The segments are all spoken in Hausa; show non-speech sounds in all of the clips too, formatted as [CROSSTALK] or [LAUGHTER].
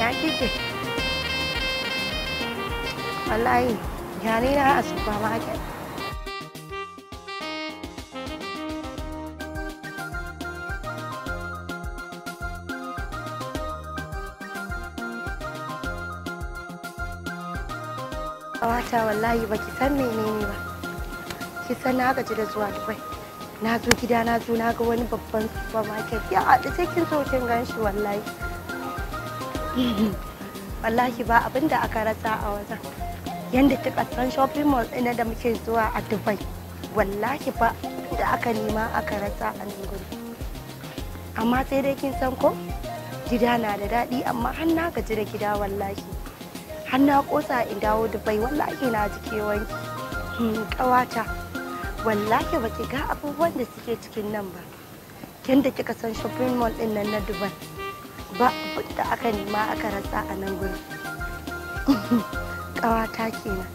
ya kike wallahi gani na a supermarket Kawata wallahi ba ki san menene ba. Ki san na gaji da zuwa Dubai. Na zo gida na zo na ga wani babban supermarket ya haɗu sai kin zo kin gan shi wallahi. [LAUGHS] wallahi ba abin da aka rasa a wajen yadda tukatsan shopping mall ina da muke zuwa a dubai wallahi ba da aka nema aka rasa a nan gudu amma sai dai kin san ko gida na da daɗi amma har na gaji da gida wallahi har na ƙosa in dawo dubai wallahi na ji kewan hmm, ƙawata wallahi ba ki ga abubuwan da suke cikin nan ba yadda kika san shopping mall din nan na dubai ba da aka nema aka rasa a nan gurin [LAUGHS] ƙawata kenan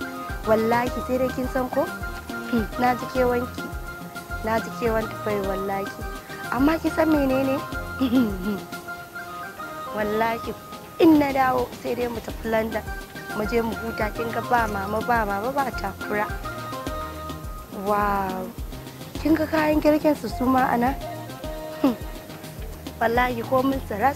wallahi sai dai kin san ko hmm. na ji kewanki na ji kewan tufai wallahi amma ki san menene [LAUGHS] wallahi in na dawo sai dai mu tafi landa mu je mu huta kin ga ba mama ba mama ba takura wow kin ga kayan girkin su suma ana hmm. wallahi ko mun saras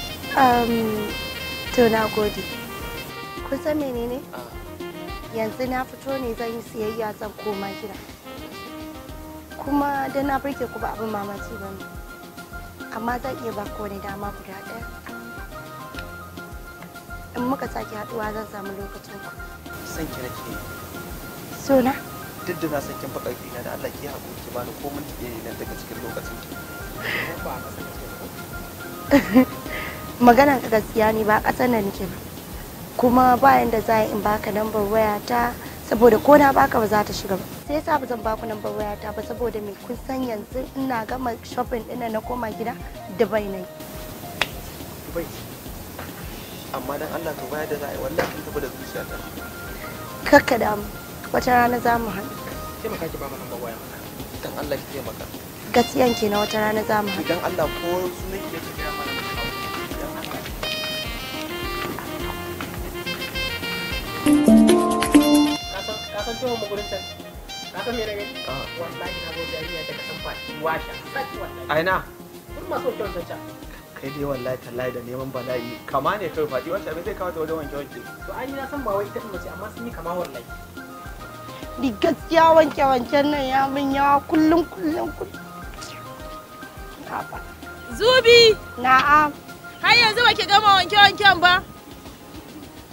to na gode san menene yanzu na fito ne zan yi siyayya zan koma gida kuma da na birke ku ba abin mamaci ba ne amma zan iya ba wani dama guda ɗaya in muka sake haɗuwa zan samu lokacin ku san ki nake so na duk da na san kin faɗa na da Allah ki haƙuri ki bani ko da ɗaya nan daga cikin lokacin ki ba ka san ki magana ka gaskiya ne ba ƙasar nan nake ba kuma bayan da za in baka lambar waya ta saboda ko na baka ba za ta shiga ba sai yasa ba zan baku lambar waya ta ba saboda me kun san yanzu ina gama shopping ɗina na koma gida dubai ne dubai amma dan Allah da za a yi wallahi kin tafi da zuciya ta kakka da mu wata rana za mu haɗu sai maka ki ba mu lambar waya dan Allah ki taimaka gaskiyan wata rana za mu haɗu idan Allah ko su ne ki ga fito mu gurin na ah. daga washa saki wallahi aina kun kai dai wallahi tallahi da neman bala'i kama ne kai wacce abin zai kawo ta wajen wanke wanke to ai na san ba wai mace amma sun yi kama wallahi gaskiya wanke nan ya min yawa kullum kullum kullum zubi na'am har yanzu ki gama wanke wanken ba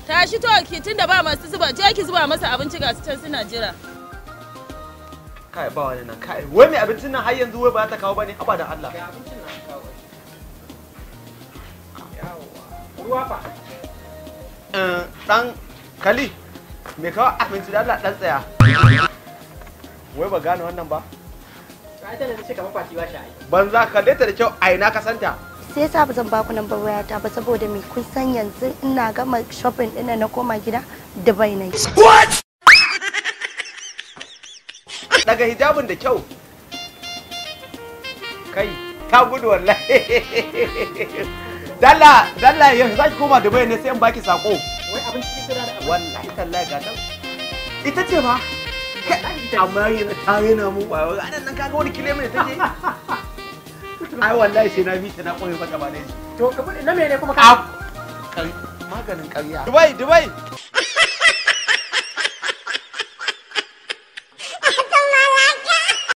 Tashi to ki tunda ba masu zuba je ki zuba masa abinci ga su can suna jira. Kai ba wani nan kai wai mai abincin nan har yanzu wai ba ta kawo bane haba da Allah. Ga abincin nan kawo. yawa Ruwa fa. eh Dan Kali me kawo abinci da Allah dan tsaya. Wai ba gane wannan ba? Ka ta da ce kamar fati ba shi ai. Banza ka leta da kyau aina ka santa. sai yasa ba zan ba baku lambar wayata ba saboda me kun san yanzu ina gama shopping ɗina na koma gida da Dubai na What? [LAUGHS] Daga hijabin da kyau. Kai, ka gudu wallahi. [LAUGHS] Dalla, dalla yanzu za ki koma Dubai ne sai in baki sako. Wai abin cikin da Wallahi tallahi ga ta. Ita ce ba. Amma yanzu ta na mu ba. Anan nan ka ga wani kilomita take. [LAUGHS] ai wallahi sai na bi ta na koyi ba gaba da to na mene kuma ka maganin ƙarya dubai dubai